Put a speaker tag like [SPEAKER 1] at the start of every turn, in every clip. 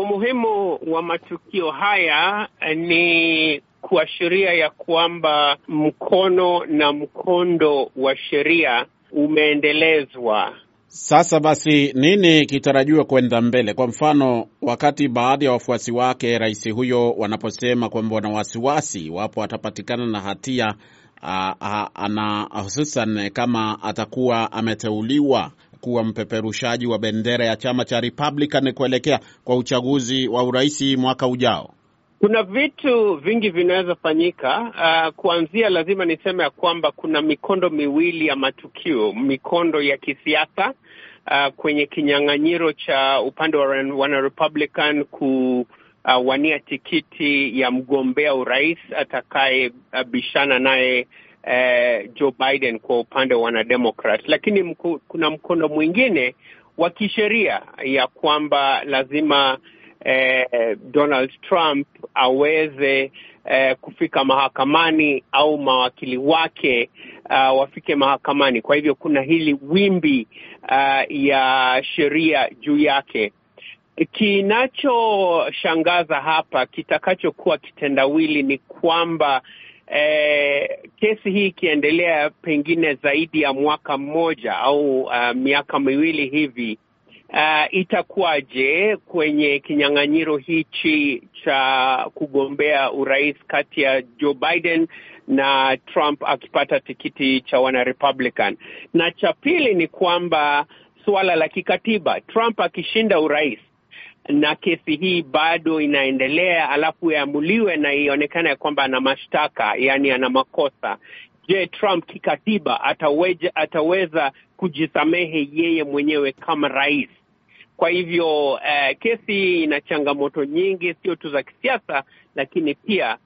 [SPEAKER 1] Umuhimu wa matukio haya ni kuashiria ya kwamba mkono na mkondo wa sheria umeendelezwa.
[SPEAKER 2] Sasa basi, nini kitarajiwa kwenda mbele? Kwa mfano, wakati baadhi ya wafuasi wake rais huyo wanaposema kwamba wana wasiwasi iwapo atapatikana na hatia na hususan kama atakuwa ameteuliwa kuwa mpeperushaji wa bendera ya chama cha Republican kuelekea kwa uchaguzi wa urais mwaka ujao?
[SPEAKER 1] Kuna vitu vingi vinaweza fanyika. Uh, kuanzia lazima niseme ya kwamba kuna mikondo miwili ya matukio, mikondo ya kisiasa uh, kwenye kinyang'anyiro cha upande wa wana Republican ku uh, wania tikiti ya mgombea urais atakayebishana uh, naye eh, Joe Biden kwa upande wa wanademokrat, lakini mku, kuna mkono mwingine wa kisheria ya kwamba lazima eh, Donald Trump aweze eh, kufika mahakamani au mawakili wake uh, wafike mahakamani. Kwa hivyo kuna hili wimbi uh, ya sheria juu yake. Kinachoshangaza hapa, kitakachokuwa kitendawili ni kwamba eh, kesi hii ikiendelea pengine zaidi ya mwaka mmoja au uh, miaka miwili hivi uh, itakuwaje kwenye kinyang'anyiro hichi cha kugombea urais kati ya Joe Biden na Trump akipata tikiti cha wanarepublican. Na cha pili ni kwamba suala la kikatiba, Trump akishinda urais na kesi hii bado inaendelea, alafu iamuliwe na ionekana ya kwamba ana mashtaka, yaani ana makosa. Je, Trump kikatiba ataweja, ataweza kujisamehe yeye mwenyewe kama rais? Kwa hivyo eh, kesi ina changamoto nyingi, sio tu za kisiasa, lakini pia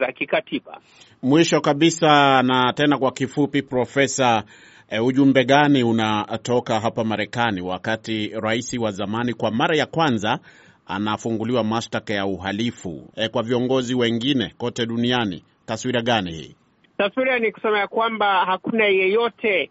[SPEAKER 1] za kikatiba.
[SPEAKER 2] Mwisho kabisa na tena kwa kifupi, Profesa E, ujumbe gani unatoka hapa Marekani wakati rais wa zamani kwa mara ya kwanza anafunguliwa mashtaka ya uhalifu e, kwa viongozi wengine kote duniani? Taswira gani hii?
[SPEAKER 1] Taswira ni kusema ya kwamba hakuna yeyote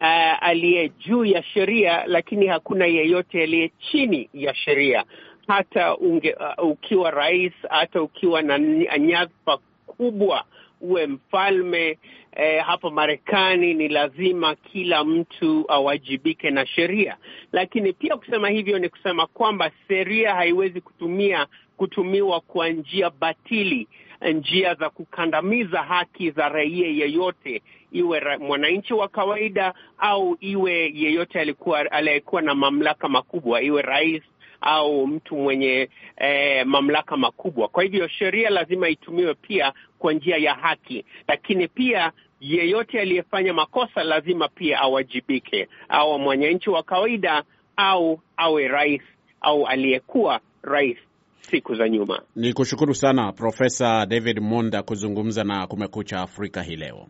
[SPEAKER 1] uh, aliye juu ya sheria, lakini hakuna yeyote aliye chini ya sheria. Hata unge, uh, ukiwa rais, hata ukiwa na nyadhifa kubwa uwe mfalme eh, hapa Marekani ni lazima kila mtu awajibike na sheria. Lakini pia kusema hivyo ni kusema kwamba sheria haiwezi kutumia kutumiwa kwa njia batili, njia za kukandamiza haki za raia yeyote, iwe mwananchi wa kawaida au iwe yeyote aliyekuwa na mamlaka makubwa, iwe rais au mtu mwenye eh, mamlaka makubwa. Kwa hivyo sheria lazima itumiwe pia kwa njia ya haki, lakini pia yeyote aliyefanya makosa lazima pia awajibike, au mwananchi wa kawaida au awe rais au aliyekuwa rais siku za nyuma.
[SPEAKER 2] Ni kushukuru sana Profesa David Monda kuzungumza na Kumekucha Afrika hii leo.